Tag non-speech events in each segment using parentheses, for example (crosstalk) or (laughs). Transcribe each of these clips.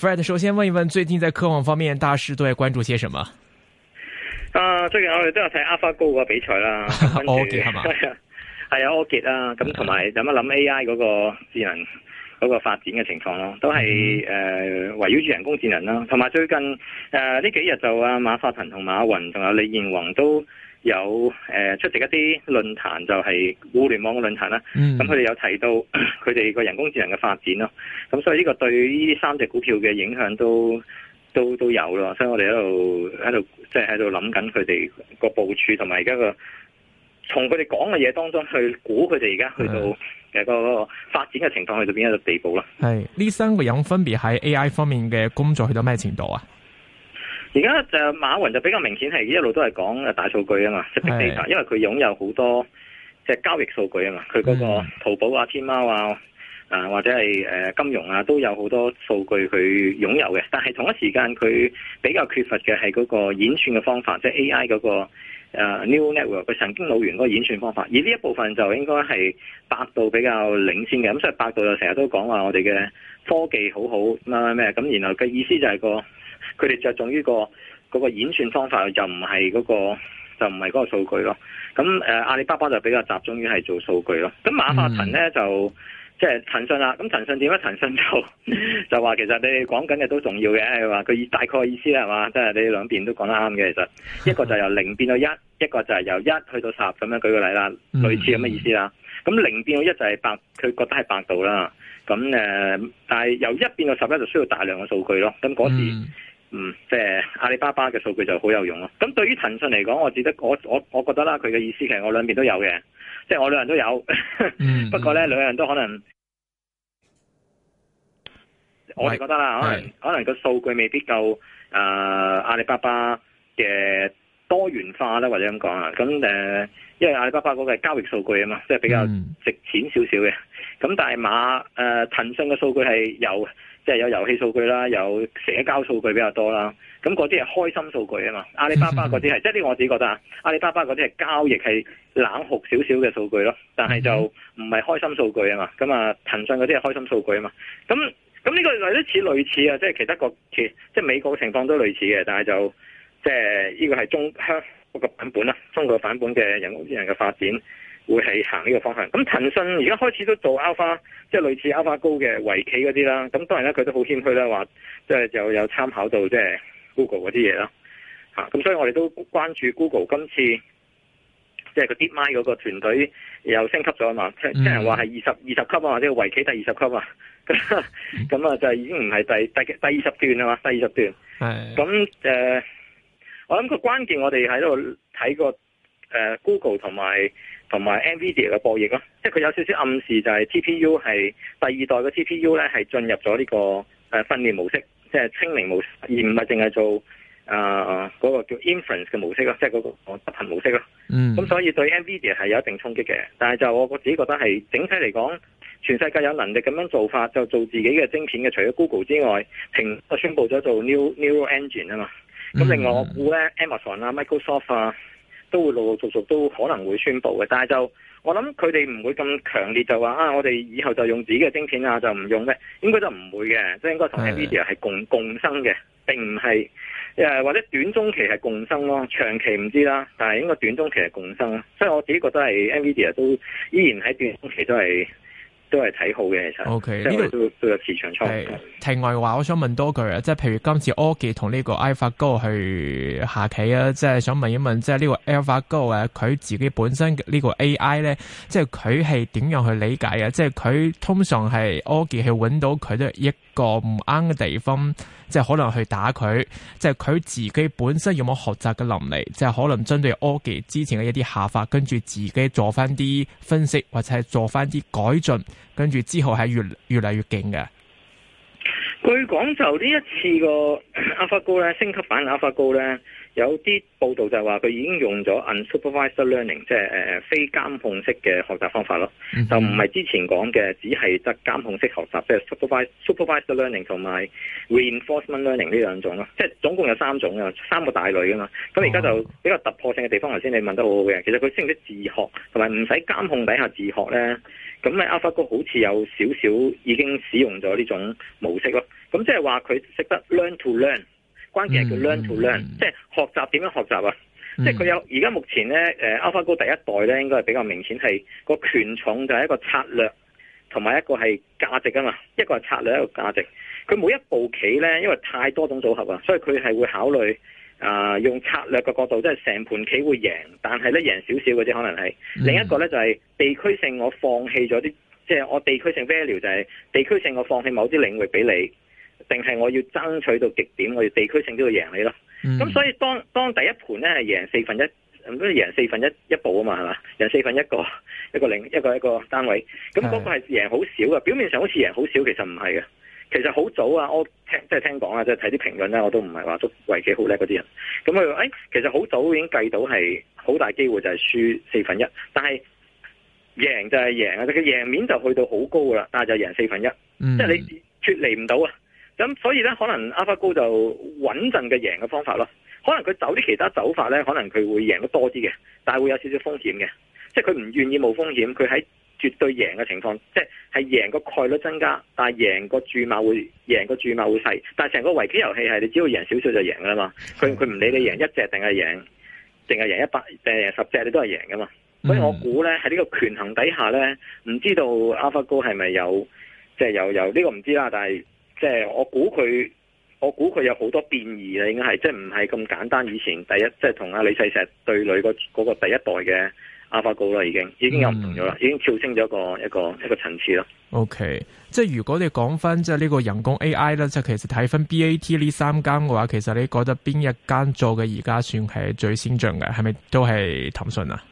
Fred，首先問一問，最近在科網方面，大師都係關注些什麼？啊，最近我哋都有睇 AlphaGo 個比賽啦， (laughs) 柯杰，係 (laughs) 啊，係啊，柯杰啦，咁同埋諗一諗 AI 嗰個智能嗰、嗰個發展嘅情況咯，都係誒圍繞住人工智能啦，同埋最近誒呢、呃、幾日就啊馬化騰同馬雲，仲有李彥宏都有誒出席一啲論壇，就係互聯網嘅論壇啦。咁佢哋有提到佢哋個人工智能嘅發展咯。咁所以呢個對於呢三隻股票嘅影響都都都有咯。所以我哋喺度喺度即係喺度諗緊佢哋個部署，同埋而家個從佢哋講嘅嘢當中去估佢哋而家去到嘅個發展嘅情況去到邊一個地步啦。係呢三個人分別喺 AI 方面嘅工作去到咩程度啊？而家就馬雲就比較明顯係一路都係講大數據啊嘛，即係地產，因為佢擁有好多即係、就是、交易數據啊嘛，佢嗰個淘寶啊、的天貓啊，啊，或者係、呃、金融啊，都有好多數據佢擁有嘅。但係同一時間佢比較缺乏嘅係嗰個演算嘅方法，即、就、係、是、AI 嗰、那個、呃、new network，佢神經腦元嗰個演算方法。而呢一部分就應該係百度比較領先嘅，咁、嗯、所以百度就成日都講話我哋嘅科技好好咩咁，然後嘅意思就係個。佢哋着重於、這個嗰、那個、演算方法，那個、就唔係嗰個就唔係嗰個數據咯。咁誒、啊、阿里巴巴就比較集中於係做數據咯。咁馬化騰咧就即係騰訊啦。咁騰訊點咧？騰訊就 (laughs) 就話其實你講緊嘅都重要嘅，係話佢大概意思啦，係嘛？即係你兩邊都講得啱嘅。其實一個就由零變到一， (laughs) 一個就係由一去到十咁樣。舉個例啦，類似咁嘅意思啦。咁零 (laughs) 變到一就係百，佢覺得係百度啦。咁誒、呃，但係由一變到十一就需要大量嘅數據咯。咁嗰時。 (laughs) 嗯，即、就、係、是、阿里巴巴嘅數據就好有用咯、啊。咁對於騰訊嚟講，我只得我我我覺得啦，佢嘅意思其實我兩邊都有嘅，即、就、係、是、我兩人都有。 (laughs) mm hmm. 不過咧，兩人都可能，我係覺得啦，可能 Right. 可能個數據未必夠誒、呃，阿里巴巴嘅多元化啦，或者咁講啊。咁誒、呃，因為阿里巴巴嗰個係交易數據啊嘛，mm hmm. 即係比較值錢少少嘅。咁大馬誒、呃、騰訊嘅數據係有，即、就、係、是、有遊戲數據啦，有社交數據比較多啦。咁嗰啲係開心數據啊嘛，阿里巴巴嗰啲係， (laughs) 即係呢，我自己覺得啊，阿里巴巴嗰啲係交易係冷酷少少嘅數據咯。但係就唔係開心數據啊嘛。咁啊騰訊嗰啲係開心數據啊嘛。咁咁呢個類似類似啊，即係其他國，其即係美國嘅情況都類似嘅，但係就即係呢個係中香嗰版本啦、啊，中國版本嘅人工智能嘅發展。會係行呢個方向。咁騰訊而家開始都做 Alpha，即係類似 Alpha Go 嘅圍棋嗰啲啦。咁當然啦，佢都好謙虛啦，話即係就有參考到即係 Google 嗰啲嘢啦。咁、啊、所以我哋都關注 Google 今次即係佢 DeepMind 嗰個團隊又升級咗啊嘛，即係話係二十二十級啊，或者係圍棋第二十級啊。咁啊，就已經唔係第第二十段啊嘛，第二十段。咁誒的，uh, 我諗個關鍵我哋喺度睇個 Google 同埋。同埋 NVIDIA 嘅博弈咯，即係佢有少少暗示就係 TPU 係第二代嘅 TPU 咧係進入咗呢個誒訓練模式，即係清零模式，而唔係淨係做誒嗰、呃那個叫 inference 嘅模式咯，即係嗰、那個執行模式咯。嗯。咁所以對 NVIDIA 係有一定衝擊嘅，但係就我自己覺得係整體嚟講，全世界有能力咁樣做法就做自己嘅晶片嘅，除咗 Google 之外，停宣布咗做 new neural engine 啊嘛。咁、嗯、另外我估呢，Amazon 啊、Microsoft 啊。都會陸陸續續都可能會宣布嘅，但係就我諗佢哋唔會咁強烈就話啊，我哋以後就用自己嘅晶片啊，就唔用咧，應該就唔會嘅，即係應該同 Nvidia 係共共生嘅，並唔係、呃、或者短中期係共生咯，長期唔知啦，但係應該短中期係共生，所以我自己覺得係 Nvidia 都依然喺短中期都係。都係睇好嘅，其實。O K，呢個都都有市場參與。題外話，我想問多句啊，即係譬如今次 Algo 同呢個 Alpha Go 去下棋啊，即係想問一問，即係呢個 Alpha Go 啊，佢自己本身呢個 A I 咧，即係佢係點樣去理解啊？即係佢通常係 Algo 係揾到佢都係一。個唔啱嘅地方，即係可能去打佢，即係佢自己本身有冇學習嘅能力，即係可能針對柯潔之前嘅一啲下法，跟住自己做翻啲分析，或者係做翻啲改進，跟住之後係越越嚟越勁嘅。據講就呢一次個阿發哥咧，升級版嘅阿發哥咧。有啲報道就係話佢已經用咗 unsupervised learning，即係、呃、非監控式嘅學習方法咯，mm hmm. 就唔係之前講嘅，只係得監控式學習，即係 supervised supervised learning 同埋 reinforcement learning 呢兩種咯，即係總共有三種啊，三個大類噶嘛。咁而家就比較突破性嘅地方，頭先你問得好好嘅，其實佢識唔識自學同埋唔使監控底下自學咧？咁咧，AlphaGo 好似有少少已經使用咗呢種模式咯。咁即係話佢識得 learn to learn。關鍵係叫 learn to learn，、嗯嗯、即係學習點樣學習啊！嗯、即係佢有而家目前咧，誒、啊、AlphaGo 第一代咧，應該係比較明顯係、嗰個權重就係一個策略同埋一個係價值啊嘛，一個係策略，一個價值。佢每一步棋咧，因為太多種組合啊，所以佢係會考慮啊、呃、用策略嘅角度，即係成盤棋會贏，但係咧贏少少嘅啫，可能係、嗯、另一個咧就係、是、地區性，我放棄咗啲即係我地區性 value 就係地區性，我放棄某啲領域俾你。定係我要爭取到極點，我要地區性都要贏你咯。咁、嗯、所以當，當當第一盤咧係贏四分一，贏贏四分一一步啊嘛，係嘛？贏四分一個一個零一個一個單位。咁嗰個係贏好少嘅，是的 表面上好似贏好少，其實唔係嘅。其實好早啊，我聽即係、就是、聽講啊，即係睇啲評論咧，我都唔係話都為幾好叻嗰啲人。咁佢誒，其實好早已經計到係好大機會就係輸四分一，但係贏就係贏啊！佢贏面就去到好高噶啦，但係就贏四分一，嗯、即係你脱離唔到啊！咁所以呢，可能 AlphaGo 就穩陣嘅贏嘅方法囉。可能佢走啲其他走法呢，可能佢會贏得多啲嘅，但係會有少少風險嘅。即係佢唔願意冇風險，佢喺絕對贏嘅情況，即係係贏個概率增加，但係贏個注碼會贏個注碼會細。但係成個圍棋遊戲係你只要贏少少就贏㗎啦嘛。佢佢唔理你贏一隻定係贏一百定係贏十隻，你都係贏㗎嘛。嗯、所以我估咧喺呢個權衡底下咧，唔知道 AlphaGo 係咪有即、係、有有呢、呢個唔知啦，但係。即係我估佢，我估佢有好多變異啦，應該係即係唔係咁簡單。以前第一即係同阿李世石對壘個嗰個第一代嘅阿發高啦，已經已經有唔同咗啦，嗯、已經跳升咗一個一個一個層次咯。OK，即係如果你講翻即係呢個人工 AI 咧，即係其實睇翻 BAT 呢三間嘅話，其實你覺得邊一間做嘅而家算係最先進嘅？係咪都係騰訊啊？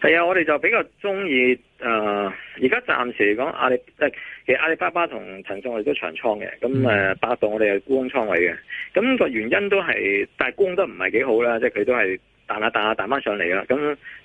係啊，我哋就比較中意誒，而家暫時嚟講，阿里其實阿里巴巴同騰訊我哋都長倉嘅，咁誒百度我哋係沽空倉位嘅，咁個原因都係，但係沽得唔係幾好啦，即係佢都係彈下彈下彈翻上嚟啦，咁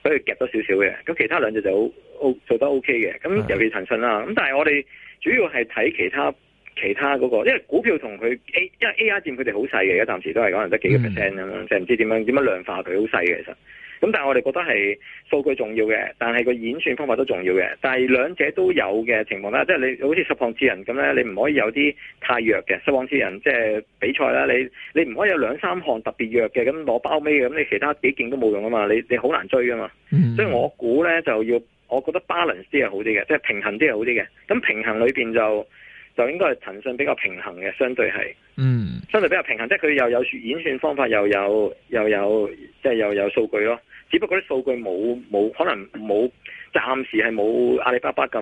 所以夾多少少嘅，咁其他兩隻就好做得 OK 嘅，咁尤其騰訊啦，咁但係我哋主要係睇其他其他嗰個，因為股票同佢 A，因為 A R 佔佢哋好細嘅，而家暫時都係講得幾個 percent 咁樣，就唔知點樣點樣量化佢好細嘅其實。咁但係我哋覺得係數據重要嘅，但係個演算方法都重要嘅。但係兩者都有嘅情況啦，即係你好似十項智人咁咧，你唔可以有啲太弱嘅十項智人。即係比賽啦，你你唔可以有兩三項特別弱嘅，咁攞包尾嘅，咁你其他幾件都冇用啊嘛！你你好難追啊嘛。嗯，所以我估咧就要，我覺得 balance 啲係好啲嘅，即係平衡啲係好啲嘅。咁平衡裏邊就就應該係騰訊比較平衡嘅，相對係，嗯，相對比較平衡，即係佢又有演算方法，又有又有即係又有數據咯。只不過啲數據冇冇可能冇，暫時係冇阿里巴巴咁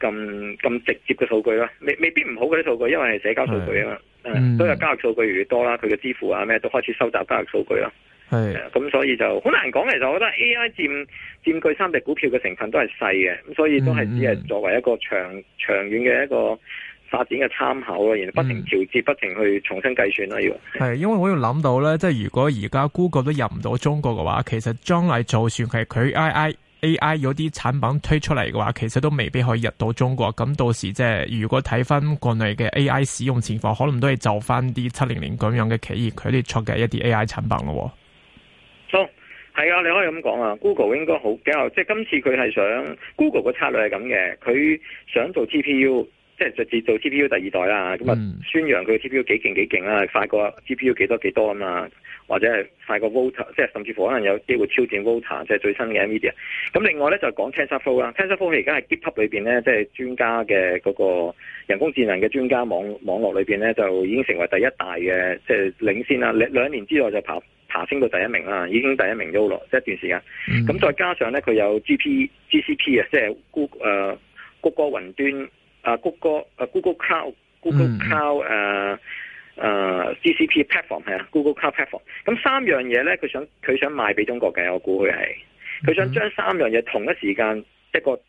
咁咁直接嘅數據啦。未未必唔好嗰啲數據，因為係社交數據啊嘛。的嗯、都有交易數據越嚟越多啦，佢嘅支付啊咩都開始收集交易數據啦。係咁的、嗯，所以就好難講。其實我覺得 AI 佔佔據三隻股票嘅成分都係細嘅，咁所以都係只係作為一個長、嗯、長遠嘅一個。發展嘅參考咯，然後不停調節，嗯、不停去重新計算咯。要係因為我要諗到咧，即係如果而家 Google 都入唔到中國嘅話，其實將來就算係佢 I I A I 有啲產品推出嚟嘅話，其實都未必可以入到中國。咁到時即係如果睇翻國內嘅 A I 使用情況，可能都係就翻啲七零零咁樣嘅企業佢哋出嘅一啲 A I 產品咯。好係啊，你可以咁講啊。Google 應該好比較，即係今次佢係想 Google 嘅策略係咁嘅，佢想做 G P U。即係直接做 TPU 第二代啦，咁啊宣揚佢 TPU 幾勁幾勁啦，快過 TPU 幾多幾多啊嘛，或者係快過 Volta 即係甚至乎可能有機會挑戰 Volta 即係最新嘅 NVIDIA。咁另外咧就講 TensorFlow 啦，TensorFlow 而家係 GitHub 裏面咧，即係專家嘅嗰個人工智能嘅專家網網絡裏面咧，就已經成為第一大嘅即係領先啦。兩年之內就爬爬升到第一名啦，已經第一名 u l 即係一段時間。咁、mm hmm. 再加上咧佢有 GP、GCP、呃、啊，即係 Google 谷歌雲端。啊，谷歌啊，Google Cloud、Google Cloud，誒誒 GCP Platform 係啊，Google Cloud Platform，咁三樣嘢咧，佢想佢想賣俾中國嘅，我估佢係佢想將三樣嘢同一時間一個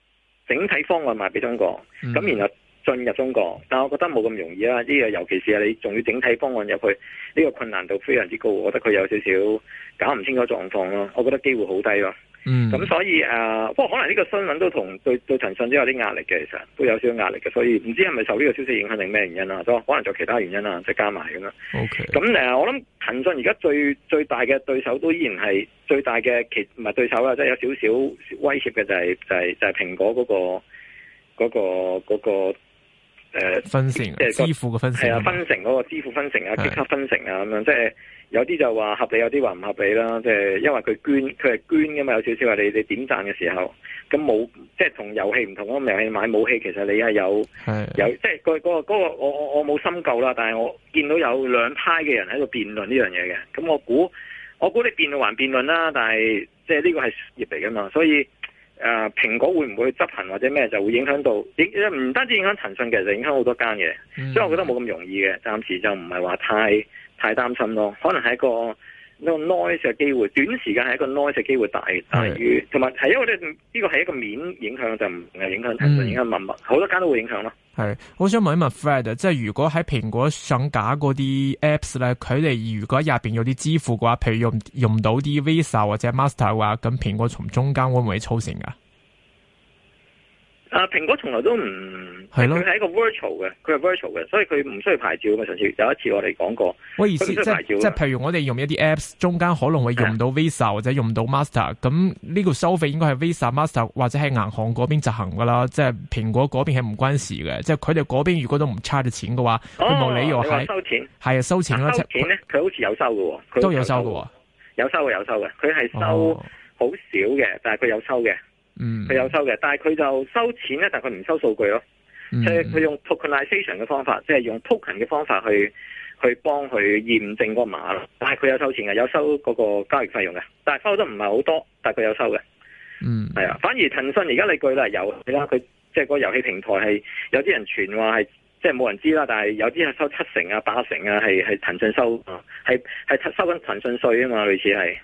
整體方案賣俾中國，咁然後進入中國，但係我覺得冇咁容易啦、啊，呢嘢尤其是啊，你仲要整體方案入去，呢個困難度非常之高，我覺得佢有少少搞唔清楚狀況咯、啊，我覺得機會好低咯、啊。嗯，咁所以誒、呃，不過可能呢個新聞都同對對騰訊都有啲壓力嘅，其實都有少少壓力嘅，所以唔知係咪受呢個消息影響定咩原因啦，都可能仲有其他原因啦，即係加埋咁啦 O K，咁誒，我諗騰訊而家最最大嘅對手都依然係最大嘅其唔係對手啦，即、就、係、是、有少少威脅嘅就係、是、就係、是、就係、是、蘋果嗰、那個嗰、那個嗰、那個誒、那個呃、分成，即係支付嘅分成係啊，分成嗰個支付分成，的分成啊，即刻分成啊咁樣即係。有啲就話合理，有啲話唔合理啦。即係因為佢捐，佢係捐噶嘛，有少少話你你點讚嘅時候，咁冇即係同遊戲唔同咯。遊戲買武器其實你係有的有，即係嗰嗰個嗰個，我我我冇深究啦。但係我見到有兩派嘅人喺度辯論呢樣嘢嘅。咁我估我估你辯論還辯論啦，但係即係呢個係業嚟噶嘛。所以誒，蘋果會唔會執行或者咩，就會影響到。唔單止影響騰訊，其實影響好多間嘅。嗯、所以我覺得冇咁容易嘅，暫時就唔係話太。太擔心咯，可能係一個呢個 noise 嘅機會，短時間係一個 noise 嘅機會大，大於同埋係因為呢個係一個面影響，就唔係影響騰訊，嗯、影響密密好多間都會影響咯。係，我想問一問 Fred，即係如果喺蘋果上架嗰啲 apps 咧，佢哋如果入面有啲支付嘅話，譬如用用到啲 Visa 或者 Master 嘅話，咁蘋果從中間會唔會操成㗎？啊！蘋果從來都唔係囉，佢係一個 virtual 嘅，佢係 virtual 嘅，所以佢唔需要牌照嘛。上次有一次我哋講過，咩意思？即係即係，譬如我哋用一啲 apps，中間可能會用到 visa 的或者用唔到 master，咁呢個收費應該係 visa、master 或者係銀行嗰邊執行噶啦。即係蘋果嗰邊係唔關事嘅。即係佢哋嗰邊如果都唔差咗錢嘅話，佢冇、哦、理由係收錢。係啊，收錢啦！收錢咧，佢他好似有收㗎喎，有都有收嘅喎，有收嘅有收嘅，佢係收好少嘅，哦、但係佢有收嘅。嗯，佢有收嘅，但係佢就收錢咧，但係佢唔收數據咯。即係佢用 tokenization 嘅方法，即係用 token 嘅方法去去幫佢驗證個碼咯。但係佢有收錢嘅，有收嗰個交易費用嘅，但係收得唔係好多，但係佢有收嘅。嗯，係啊，反而騰訊而家你舉例都係有啦，佢即係個遊戲平台係有啲人傳話係即係冇人知啦，但係有啲係收七成啊、八成啊，係係騰訊收啊，係係收緊騰訊稅啊嘛，類似係。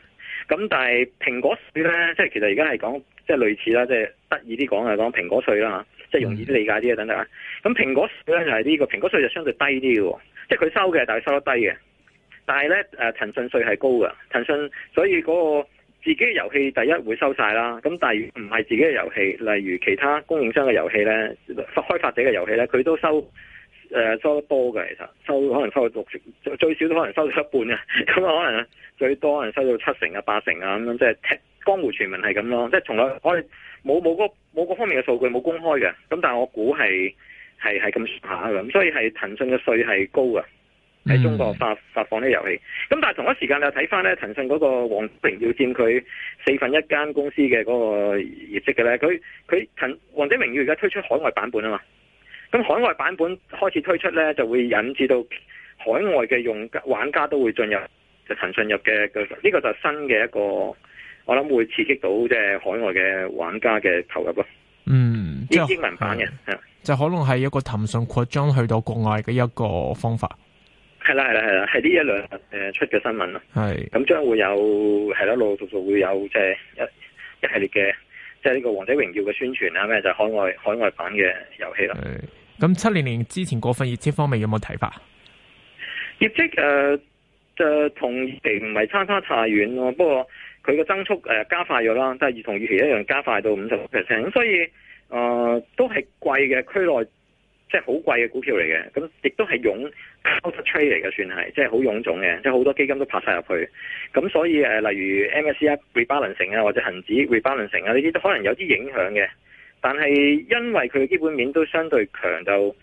咁但係蘋果稅咧，即係其實而家係講即係類似啦，即係得意啲講係講蘋果稅啦，即係容易啲理解啲啊等等。咁蘋果稅咧就係呢、個蘋果稅就相對低啲嘅，即係佢收嘅，但係收得低嘅。但係咧誒，騰訊稅係高㗎。騰訊所以嗰個自己嘅遊戲第一會收晒啦。咁但係唔係自己嘅遊戲，例如其他供應商嘅遊戲咧，開發者嘅遊戲咧，佢都收。誒，收得多嘅其實收可能收到六成，最少都可能收到一半啊，咁啊可能最多可能收到七成啊八成啊咁、嗯、樣，即係江湖傳聞係咁咯，即係從來我哋冇冇嗰冇嗰方面嘅數據冇公開嘅，咁但係我估係係係咁下嘅，咁所以係騰訊嘅稅係高嘅，喺中國發發放啲遊戲，咁、嗯、但係同一時間你又睇翻咧，騰訊嗰個王者榮耀佔佢四分一間公司嘅嗰個業績嘅咧，佢佢騰王者榮耀而家推出海外版本啊嘛。咁海外版本開始推出咧，就會引致到海外嘅用家玩家都會進入就騰訊入嘅呢個就新嘅一個，我諗會刺激到即係海外嘅玩家嘅投入咯。嗯，啲英文版嘅，就可能係一個騰訊擴張去到國外嘅一個方法。係啦係啦係啦，係呢一兩日誒出嘅新聞咯。係，咁將會有係啦，陸陸續續會有即係一一系列嘅即係呢個《王者榮耀》嘅宣傳啦，咩就係海外海外版嘅遊戲啦。咁七零零之前嗰份業績方面有冇睇法？業績誒就同預期唔係差差太遠咯，不過佢個增速加快咗啦，即係同預期一樣加快到五十六 percent，咁所以誒、呃、都係貴嘅區內即係好貴嘅股票嚟嘅，咁亦都係 crowded trade 嚟嘅，算係即係好臃腫嘅，即係好多基金都拍晒入去，咁所以、呃、例如 MSCI rebalancing 啊或者恆指 rebalancing 啊呢啲都可能有啲影響嘅。但係因為佢基本面都相對強，就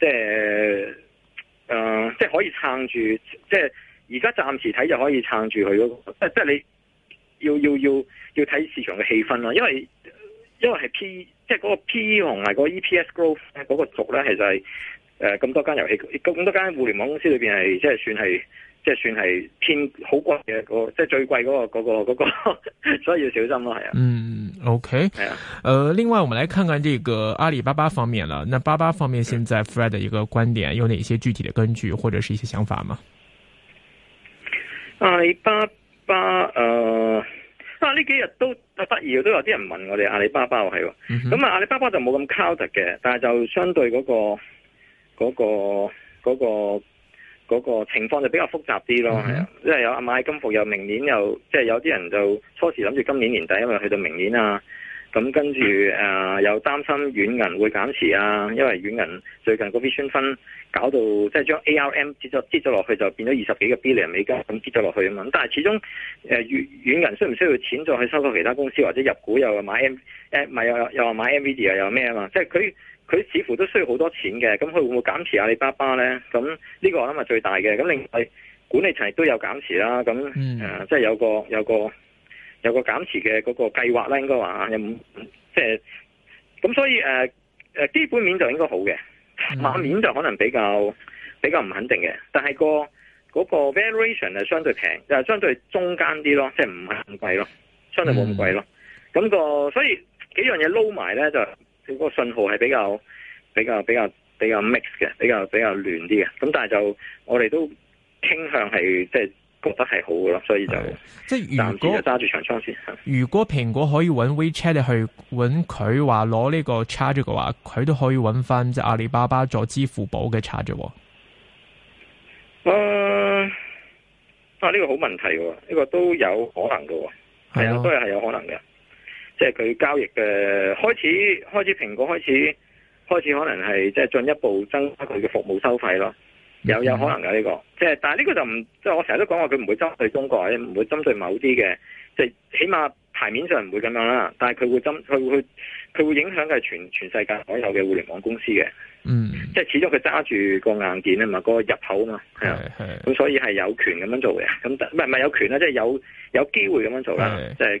即係誒，即、呃、係、就是、可以撐住。即係而家暫時睇就可以撐住佢嗰，誒即係你要要要要睇市場嘅氣氛囉，因為因為係 PE，即係嗰個 P E 同埋個 E P S growth 嗰個軸咧，其實係。誒，咁、呃、多間遊戲，咁多間互聯網公司裏邊係，即係算係，即係算係偏好貴嘅、那個，即係最貴嗰、那個嗰、那個個，所以要小心咯，係啊。嗯，OK，係啊。誒、呃，另外我們來看看這個阿里巴巴方面啦。那巴巴方面，現在 Fred 的一個觀點，有、嗯、哪些具體的根據或者是一些想法嗎？阿里巴巴誒、呃，啊呢幾日都啊得意都有啲人問我哋阿里巴巴係，咁、哦、啊、嗯、哼啊阿里巴巴就冇咁 cultural 嘅，但係就相對嗰、那個。嗰、那個嗰、那個嗰、那個情況就比較複雜啲咯，係啊，因為有阿買金服又明年又即係有啲人就初時諗住今年年底，因為去到明年啊，咁跟住誒又擔心軟銀會減持啊，因為軟銀最近個，個 Vision Fund 搞到即係將 ARM 跌咗跌咗落去，就變咗二十幾個 Billion 美金咁跌咗落去啊嘛，但係始終誒、呃、軟銀需唔需要錢再去收購其他公司或者入股又買 M 唔、呃、又又話買 NVIDIA 又又咩啊嘛，即係佢。佢似乎都需要好多錢嘅，咁佢會唔會減持阿里巴巴咧？咁呢個我諗係最大嘅。咁另外管理層亦都有減持啦。咁、呃嗯、即係有個有個有個減持嘅嗰個計劃咧，應該話有冇，即係咁。所以、呃呃、基本面就應該好嘅，畫、嗯、面就可能比較比較唔肯定嘅。但係個嗰、嗰個 valuation 係相對平，就是、相對中間啲咯，即係唔係咁貴咯，相對冇咁貴咯。咁、嗯個所以幾樣嘢撈埋咧就。佢個信號係比較比較比較比較 mix 嘅，比較比較亂啲嘅。咁但係就我哋都傾向係即係覺得係好嘅咯。所以就即係如果揸住長槍先。如果蘋果可以揾 WeChat 去揾佢話攞呢個 charge 嘅話，佢都可以揾返即係阿里巴巴做支付寶嘅 charge、哦。誒啊！呢、啊呢個好問題喎，呢、呢個都有可能嘅喎。係啊，係啊都係係有可能嘅。即係佢交易嘅開始，開始蘋果開始開始可能係即係進一步增加佢嘅服務收費咯，有有可能有呢個，即係但係呢個就唔即係我成日都講話佢唔會針對中國，唔會針對某啲嘅，即係起碼牌面上唔會咁樣啦。但係佢會針佢會佢佢會，會影響嘅係全全世界所有嘅互聯網公司嘅，嗯，即係始終佢揸住個硬件啊嘛，嗰個入口啊嘛，係啊，係咁所以係有權咁樣做嘅，咁唔係唔係有權啦，即係有有機會咁樣做啦，即係。